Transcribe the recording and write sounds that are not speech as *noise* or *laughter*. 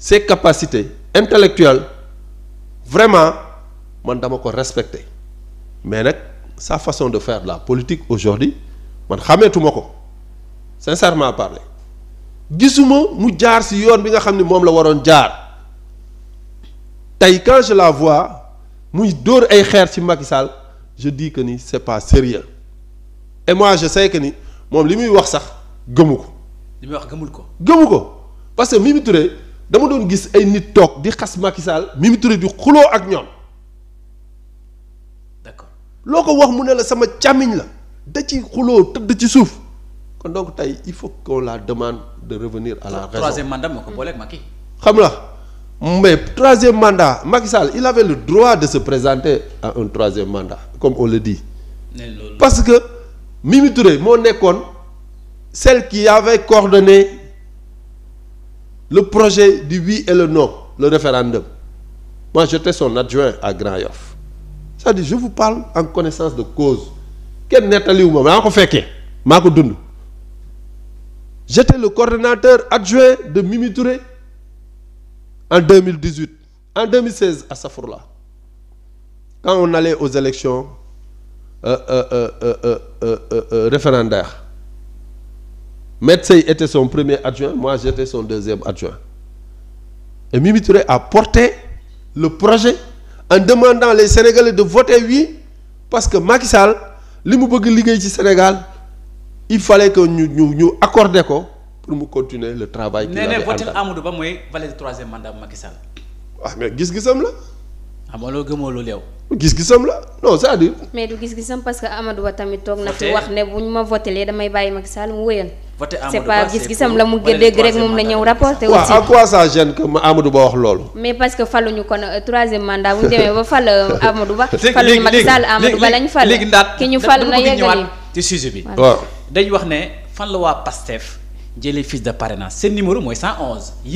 ses capacités intellectuelles vraiment man dama ko mais sa façon de faire de la politique aujourd'hui je man sais pas... sincèrement parler Je mu jaar ci si bi nga un homme qui la été jaar homme. quand je la vois muy dóor ay xeer ci Macky Sall je dis que ce n'est pas sérieux et moi je sais que ni moom li muy wax sax gëmu ko. li muy wax gëmul ko. pas parce que Mimi Touré dama doon gis ay nit toog di xas Macky Sall du Touré ak d'accord loo ko wax mu ne sama càmmiñ la da ci xuloo tëdd ci suuf kon donc il faut qu'on la demande de revenir à la raison troisième mandat moo ko booleeg xam la mais troisième mandat Macky Sall il avait le droit de se présenter à un troisième mandat comme on le dit parce que Mimi Touré moo celle qui avait coordonné le projet du oui et le non, le référendum. Moi, j'étais son adjoint à Grand Yoff. Ça dit, je vous parle en connaissance de cause. Quel Nathalie ou moi, J'étais le coordonnateur adjoint de Mimi en 2018. En 2016, à Safourla, quand on allait aux élections euh, euh, euh, référendaires, Metsey était son premier adjoint, moi j'étais son deuxième adjoint. Et Mimi a porté le projet en demandant les Sénégalais de voter oui parce que Macky Sall li mu bëgg liggéey ci Sénégal il fallait que nous nous accorder pour nous continuer le travail. qu'il avait Mais nee pour Amadou Ba mooy le troisième mandat Macky Sall. ah mais gis-gisam la. amoo ah, loo gëmoo loolu yow. gis-gisam la non c'est-à-dire. mais du gis-gisam parce que Amadou Ba tamit toog na. fi wax ne bu ñu ma votelee damay bàyyi Macky Sall voté Amadou Ba c'est pas gisam la mu dégg rek moom la ñëw rapporté aussi waaw à quoi ça gêne que Amadou Ba wax loolu. mais parce que faluñu kon euh, troisième mandat bu ñu demee ba fal euh, *laughs* Amadou Ba. faluñu Macky Sall Amadou Ba lañ fal ki ñu fal na yeggali ci sujet bi waaw dañ wax ne fan la waa Pastef jëlee fiche de parrainage seen numéro mooy 111.